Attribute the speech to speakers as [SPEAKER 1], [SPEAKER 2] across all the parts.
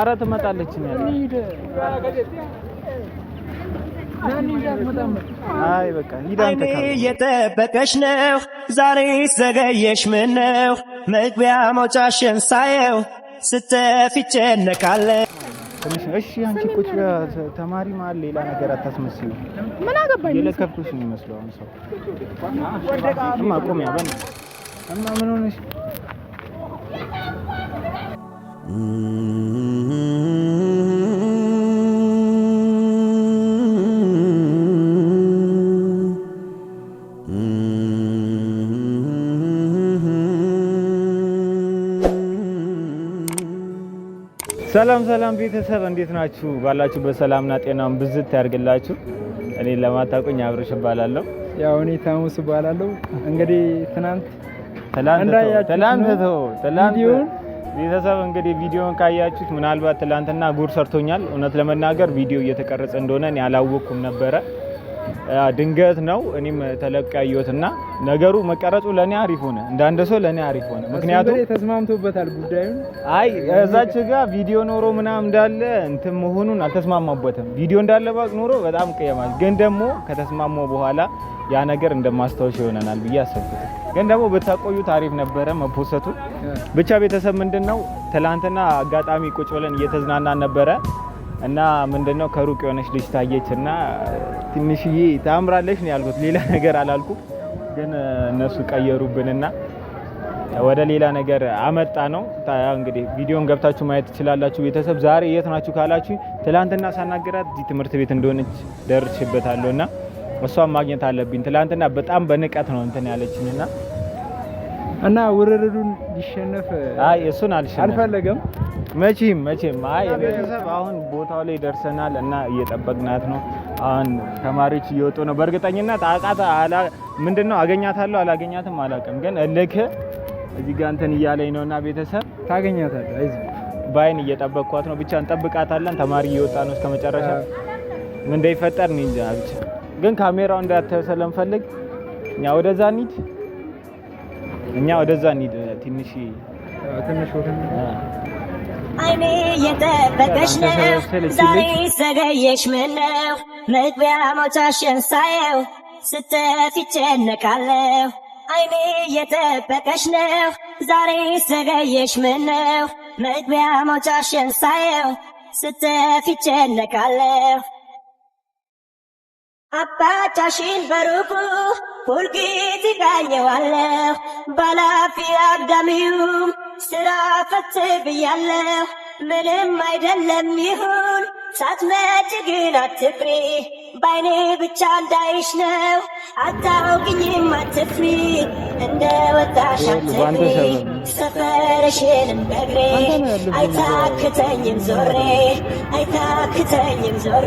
[SPEAKER 1] አረ ትመጣለች። አይ በቃ ሂዳን
[SPEAKER 2] የጠበቀሽ ነው ዛሬ ዘገየሽ። ምን ነው? መግቢያ መውጫሽን ሳየው ስተፊ ጨነቃለ።
[SPEAKER 1] እሺ አንቺ ቁጭ ተማሪ መሀል ሌላ ነገር አታስመስዩ። ምን አገባኝ? የለከፍኩሽ ነው ይመስለው አሁን ሰው እማ ቁሚያ በእናትሽ እማ ምን ሆነሽ ሰላም ሰላም ቤተሰብ እንዴት ናችሁ? ባላችሁበት ሰላምና ጤናውን ብዝት ያርግላችሁ እኔ ለማታውቁኝ አብርሽ እባላለሁ። ያው እኔ ታሙስ እባላለሁ። እንግዲህ ትናንት ትናንት ቤተሰብ እንግዲህ ቪዲዮን ካያችሁት ምናልባት ትላንትና ጉር ሰርቶኛል። እውነት ለመናገር ቪዲዮ እየተቀረጸ እንደሆነ እኔ አላወቅኩም ነበረ። ድንገት ነው እኔም ተለቅ ያየሁትና ነገሩ መቀረጹ ለእኔ አሪፍ ሆነ፣ እንዳንድ ሰው ለእኔ አሪፍ ሆነ። ምክንያቱም
[SPEAKER 3] ተስማምቶበታል ጉዳዩን።
[SPEAKER 1] አይ እዛች ጋር ቪዲዮ ኖሮ ምናምን እንዳለ እንትን መሆኑን አልተስማማበትም። ቪዲዮ እንዳለ ባቅ ኖሮ በጣም ቅየማል። ግን ደግሞ ከተስማማው በኋላ ያ ነገር እንደማስታወሻ ይሆነናል ብዬ አሰብኩት። ግን ደግሞ ብታቆዩ ታሪፍ ነበረ መፖሰቱ። ብቻ ቤተሰብ ምንድነው ነው ትላንትና አጋጣሚ ቁጭ ብለን እየተዝናናን ነበረ እና ምንድነው ከሩቅ የሆነች ልጅ ታየች እና ትንሽዬ ታምራለች ነው ያልኩት። ሌላ ነገር አላልኩ፣ ግን እነሱ ቀየሩብንና ወደ ሌላ ነገር አመጣ ነው። እንግዲህ ቪዲዮን ገብታችሁ ማየት ትችላላችሁ። ቤተሰብ ዛሬ የት ናችሁ ካላችሁ ትላንትና ሳናገራት እዚህ ትምህርት ቤት እንደሆነች ደርሽበታለሁ እና እሷን ማግኘት አለብኝ። ትላንትና በጣም በንቀት ነው እንትን ያለችኝ እና
[SPEAKER 3] እና ውርርዱን ሊሸነፍ አይ እሱን አልፈለገም።
[SPEAKER 1] መቼም መቼም አይ ቤተሰብ አሁን ቦታው ላይ ደርሰናል እና እየጠበቅናት ነው። አሁን ተማሪዎች እየወጡ ነው። በእርግጠኝነት አቃት አላ ምንድነው አገኛታለሁ አላገኛትም አላውቅም፣ ግን እልክ እዚህ ጋር እንትን እያለኝ ነውና ቤተሰብ
[SPEAKER 3] ታገኛታለህ። አይዚ
[SPEAKER 1] ባይን እየጠበቅኳት ነው። ብቻ እንጠብቃታለን። ተማሪ እየወጣ ነው እስከመጨረሻ ምን እንደይፈጠር እንጃ። ብቻ ግን ካሜራው እንዳትሰለምፈልግ እኛ ወደዛ እንሂድ እኛ ወደዛ እንሂድ። ትንሽ
[SPEAKER 3] ትንሽ
[SPEAKER 2] አይኔ የጠበቀሽ ነው ዛሬ ዘገየሽ ምነው መግቢያ ሞቻሽን ሳየው ስተፊ ጨነቃለሁ። አይኔ የጠበቀሽ ነው ዛሬ ዘገየሽ ምነው መግቢያ ሞቻሽን ሳየው ስተፊ ጨነቃለሁ። አባታሽን በሩቁ ሁልጊዜ ቃኘዋለሁ ባላፊ አግዳሚው ስራ ፈት ብያለሁ ምንም አይደለም ይሁን ሳትመጪ ግን አትፍሪ፣ ባይኔ ብቻ እንዳይሽ ነው። አታውቅኝም፣ አትፍሪ፣ እንደ ወጣሽ አትፍሪ። በግሬ አይታክተኝም ዞሬ፣ አይታክተኝም ዞሬ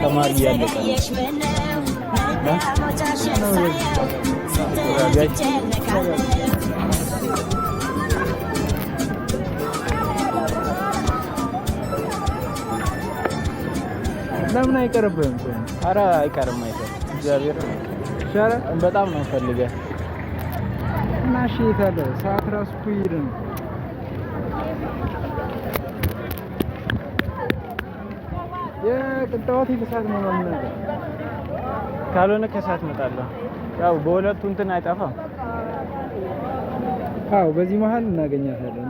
[SPEAKER 2] ተማሪ እያለቀ
[SPEAKER 3] ለምን አይቀርብህም?
[SPEAKER 1] ኧረ አይቀርም፣ አይቀርም። እግዚአብሔር በጣም ነው ፈልገህ
[SPEAKER 3] እና እሺ የት ሰዓት እራሱ እኮ እየሄደ ነው የቅጣዋት የተሳት ነው ነው ነገር
[SPEAKER 1] ካልሆነ ከሳት መጣለሁ። ያው በሁለቱ እንትን አይጠፋም።
[SPEAKER 3] አዎ በዚህ መሀል እናገኛታለን።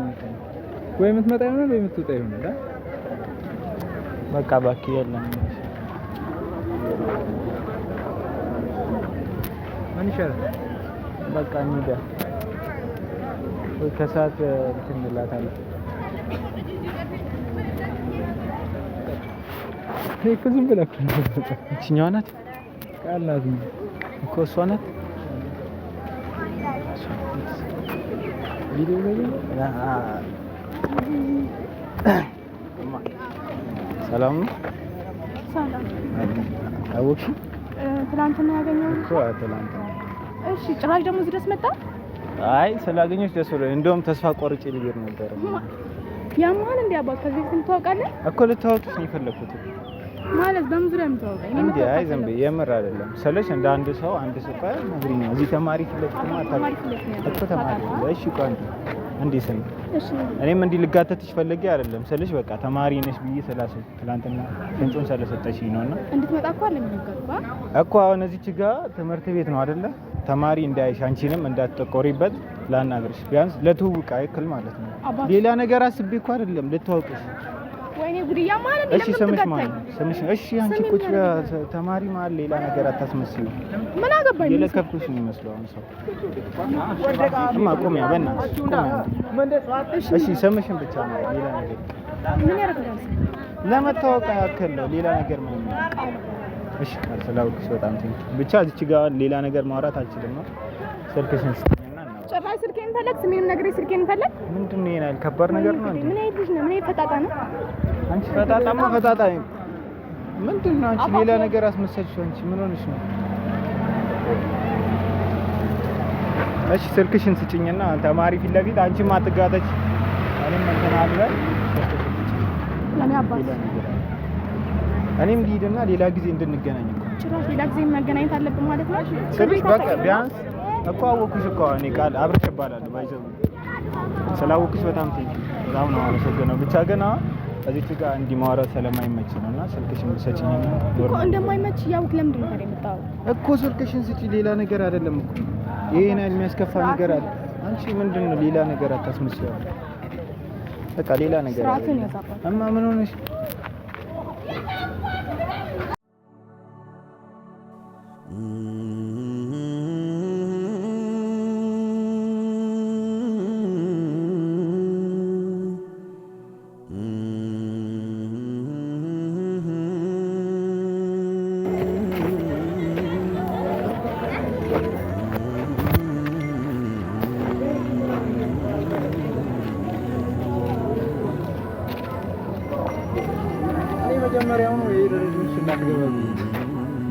[SPEAKER 3] ወይ የምትመጣ ይሆናል ወይ የምትወጣ ይሆናል።
[SPEAKER 1] በቃ እባክህ የለም ምን ይሻላል? በቃ እንሂዳ ወይ ከሰዓት እንትን እንላታለን። እኮ ዝም ብላ እኮ ይችኛዋ ናት ቃል እኮ እሷ ናት። ሰላም
[SPEAKER 4] ያገኘሁት እሺ ጭራሽ ደግሞ እዚህ ደስ መጣ።
[SPEAKER 1] አይ ስላገኘሁሽ ደስ ብሎኝ፣ እንደውም ተስፋ ቆርጬ ልሄድ ነበረ።
[SPEAKER 4] ያማን እንደ ከዚህ ስም
[SPEAKER 1] እኮ ልታወጡት ነው የፈለኩት
[SPEAKER 4] ማለት በምዙሪያ የምታወቀኝ
[SPEAKER 1] ዝም ብዬሽ የምር አይደለም ስልሽ እንደ አንድ ሰው አንድ ሰው እዚህ ተማሪ እኔም እንዲህ ልጋተትሽ ፈልጌ አይደለም ስልሽ በቃ ተማሪ ነሽ ብዬ ትናንትና ፍንጩን ስለሰጠሽኝ ነው እና እንድትመጣ እኮ አሁን እዚች ጋ ትምህርት ቤት ነው አይደለ ተማሪ እንዳይሽ አንቺንም እንዳትጠቆሪበት ላናግርሽ ቢያንስ ለትውውቅ አይክል ማለት ነው ሌላ ነገር አስቤ እኮ አይደለም ልታወቅሽ
[SPEAKER 4] ወይኔ ጉድያ ማለት እሺ፣
[SPEAKER 1] ስምሽ ማን? ስምሽ እሺ። አንቺ ቁጭ ተማሪ ማለት ሌላ ነገር አታስመስዩ። ምን አገባኝ? የለከፍኩሽ ነው የሚመስለው አሁን ሰው እማ፣ ቁሚያ በእናትሽ እሺ፣ ስምሽን ብቻ ነው ሌላ ነገር ምን ያደርጋል? ለመታወቅ ያክል ነው ሌላ ነገር ምን ነው? እሺ፣ ስላውቅሽ በጣም ቴንኪው። ብቻ እዚች ጋር ሌላ ነገር ማውራት አልችልም ነው ስልክሽን
[SPEAKER 4] ጭራሽ ስልኬን ፈለግ፣ ስሜንም ነገር ስልኬን ፈለግ።
[SPEAKER 1] ምንድን ነው ይሄን? ከባድ ነገር ነው።
[SPEAKER 4] ምን አይነት ልጅ ነው? ምን አይነት ፈጣጣ ነው?
[SPEAKER 1] አንቺ ፈጣጣማ ፈጣጣ ምንድን ነው? አንቺ ሌላ ነገር አስመሰልሽ። አንቺ ምን ሆነሽ ነው? እሺ ስልክሽን ስጭኝና ተማሪ ፊት ለፊት አንቺም አትጋተች እኔም እንትን አለ እኔም ልሂድና ሌላ ጊዜ እንድንገናኝ
[SPEAKER 4] ጭራሽ ሌላ ጊዜ መገናኘት አለብን ማለት ነው።
[SPEAKER 1] ስልክ በቃ ቢያንስ እኮ አወኩሽ እኮ እኔ ቃል አብረሽ እባላለሁ። ባይዘው ስላወኩሽ በጣም ቴንክ በጣም ነው አመሰግነው። ብቻ ግን እዚህ ጋ እንዲህ ማውራት ስለማይመች ነው እና ስልክሽን ብትሰጪኝ
[SPEAKER 4] እኮ እንደማይመች ያውቅ። ለምንድን ነው ታዲያ የመጣው
[SPEAKER 1] እኮ ስልክሽን ስጪ። ሌላ ነገር አይደለም እኮ ይሄን የሚያስከፋ ነገር አለ። አንቺ ምንድን ነው ሌላ ነገር አታስመስይው። በቃ ሌላ ነገር አለ እማ ምን ሆነሽ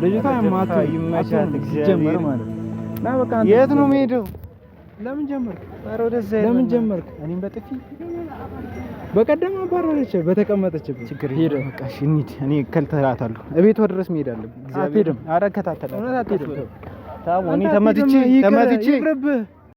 [SPEAKER 1] ልጅቷ ማታ ይመቻት ጀመር ማለት ነው። የት ነው የምሄደው? ለምን ጀመርክ? ለምን ጀመርክ? እኔም በጥፊ በቀደም አባረረች በተቀመጠችበት። ችግር ሄደ። በቃ እሺ እንሂድ። እኔ እከታተላለሁ። እቤቷ ድረስ መሄድ አለብኝ። አትሄድም? ኧረ እከታተላለሁ። እውነት አትሄድም? ታቦ እኔ ተመትቼ ተመትቼ ይቅርብህ